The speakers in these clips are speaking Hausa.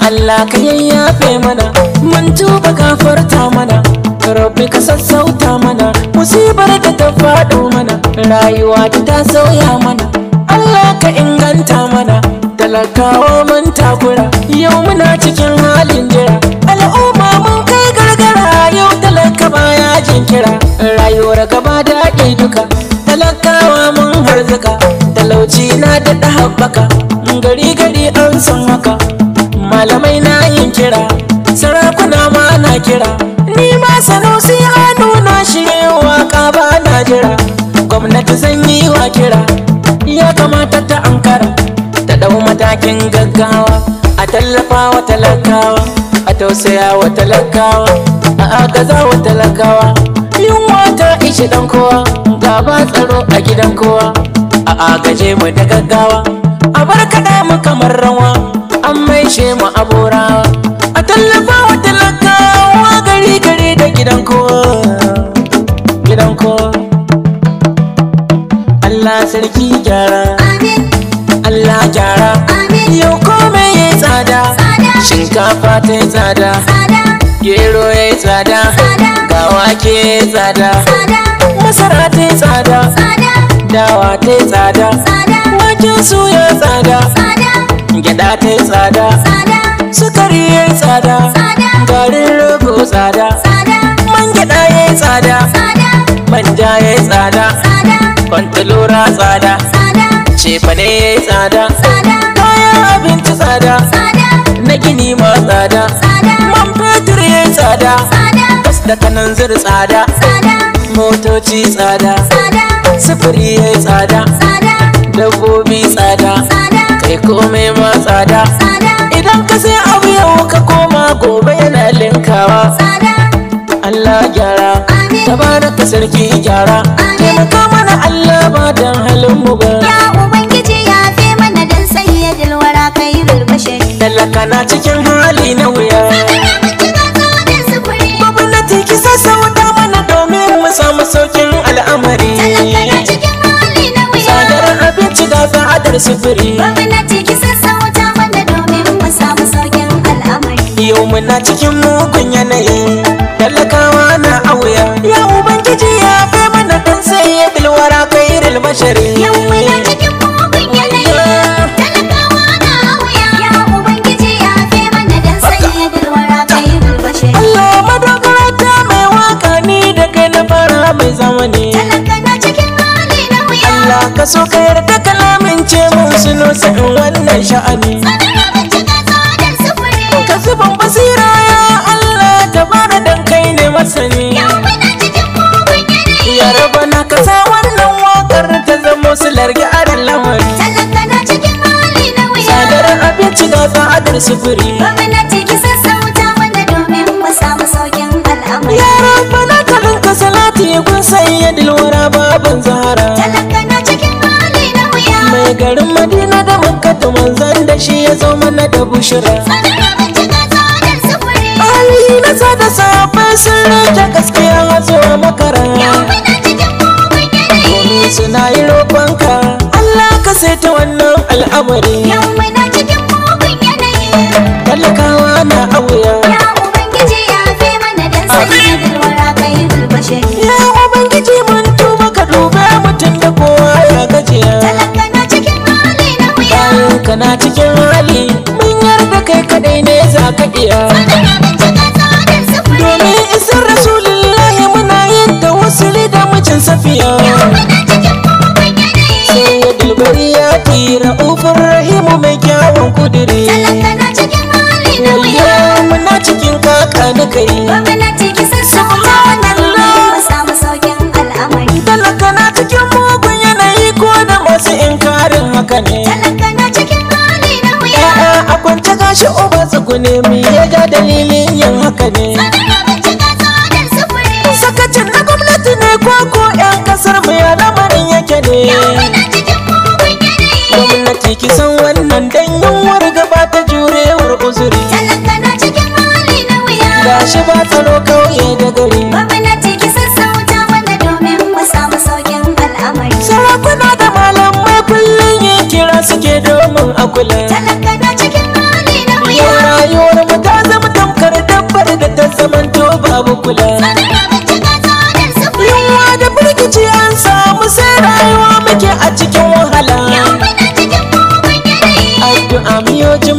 Allah ka yayyafe mana, mun tuba gafarta mana, ka rabbi ka sassauta mana, musibar da ta faɗo mana, rayuwa da ta sauya mana, Allah ka inganta mana, talakawa mun takura, yau muna cikin halin jira, al'umma mun kai gargara yau talaka baya jinkira. rayuwar gaba da ake duka talakawa mun harzuka talauci na daɗa haɓaka gari gari an san haka malamai na yin kira sarakuna ma na kira ni ma sanusi hannu na shirewa waka ba na jira gwamnati zan yi wa kira ya kamata ta ankara ta ɗau matakin gaggawa a tallafa wa talakawa a tausaya wa talakawa a agaza wa talakawa yunwa ta ishi dan kowa ga ba tsaro a gidan kowa a agaje mu da gaggawa a barkada mu kamar rawa an maishe mu aborawa a tallafa wa talakawa gari gari da gidan kowa gidan kowa Allah sarki gyara Allah gyara yau komai ya tsada shinkafa ta yi tsada gero ya yi tsada ga wake tsada masara ta yi tsada dawa ta yi tsada waken suya tsada gyada ta yi tsada sukari ya yi tsada garin rogo tsada man gyada ya yi tsada manja ya yi tsada kwantalora tsada cefa ne ya yi tsada kayan abinci tsada na gini ma tsada man fetur ya yi tsada gas da kanan zir tsada motoci tsada sufuri ya yi tsada dabbobi tsada kai komai ma tsada idan ka sai abu yau ka koma gobe yana linkawa Allah gyara tabaraka sarki gyara taimaka mana Allah ba dan halin mu na cikin hali na wuya gwamnati ki sassauta mana domin mu samu saukin al'amari tsadar abinci da tsadar sufuri gwamnati ki sassauta mana domin mu samu saukin al'amari yau muna cikin mugun yanayi talakawa na auya ya ubangiji ya fi mana dan sai ya bilwara kairil bashari ka so ka yarda ka lamince mun suno sa'in wannan sha'ani ka zuban basira ya Allah ta bada dan kai ne masani ya raba na ka sa wannan wakar ta zamo su largi adan lamari tsadar abinci da tsadar sufuri gwamnati ki sassauta mana domin mu samu saukin al'amari salati gun sayyidil wara baban talaka na cikin hali na wuya mai garin madina da makka to manzan da shi ya zo mana da bushira Ali na sa da safe sun rage gaskiya zuwa makara suna yi roƙonka Allah ka saita wannan al'amari yau abu ne mu ya ja dalilin yin haka ne sakacin na gwamnati ne koko yan kasar mu ya lamarin yake ne gwamnati ki san wannan dan yunwar gaba ta jurewar uzuri gashi ba tsaro kauye da gari gwamnati ki sassauta wanda domin mu saukin al'amari sarakuna da malamai kullum yin kira suke domin a kula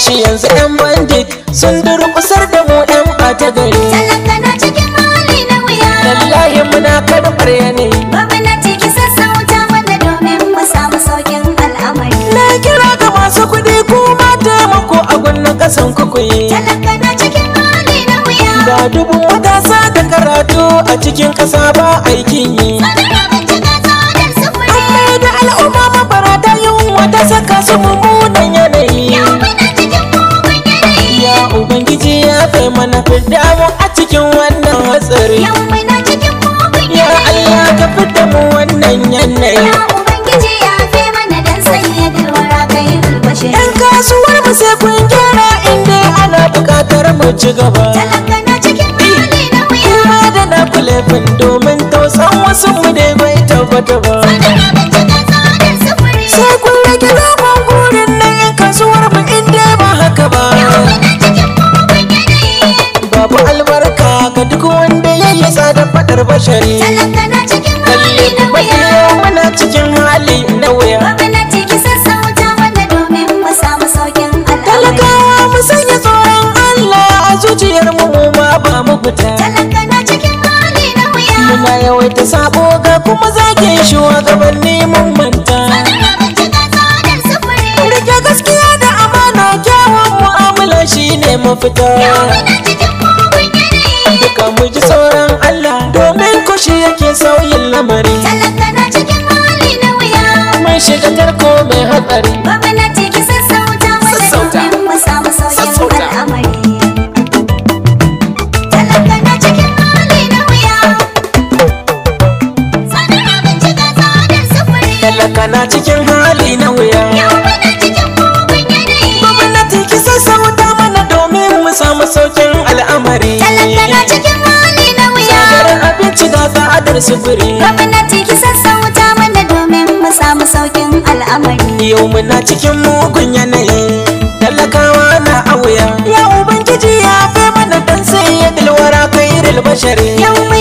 shi yanzu yan bandit sun durƙusar da mu yan ɓata gari talaka na cikin hali na wuya Lallahi muna karɓar yanayi gwamnati ki sassauta mana domin mu samu saukin al'amari na kira ga masu kuɗi kuma taimako a gwannan ƙasan kukuyi talaka na cikin hali na wuya ga dubu matasa da karatu a cikin ƙasa ba aikin yi mu ci gaba talaka cikin hali na da na domin tausan wasu mu dai bai tabbata ba sai kula rage naman gurin nan yan kasuwar mu in dai haka ba babu albarka ga duk wanda ya yi da faɗar bashari mafita talaka na cikin mali na wuya muna yawaita sabo ga kuma zagin shugabanni mun manta rike gaskiya da amana kyawun mu'amala shine mafita duka mu ji sauran Allah domin kushi yake sauyin lamari talaka na cikin mali na wuya mai shiga ko mai hatsari kana cikin hali na wuya gwamnati ki sassauta mana domin mu samu saukin al'amari na da sufuri mana domin yau muna cikin mugun yanayi talakawa na a wuya ya ubangiji ya fi mana dan sai ya dilwara kai bashari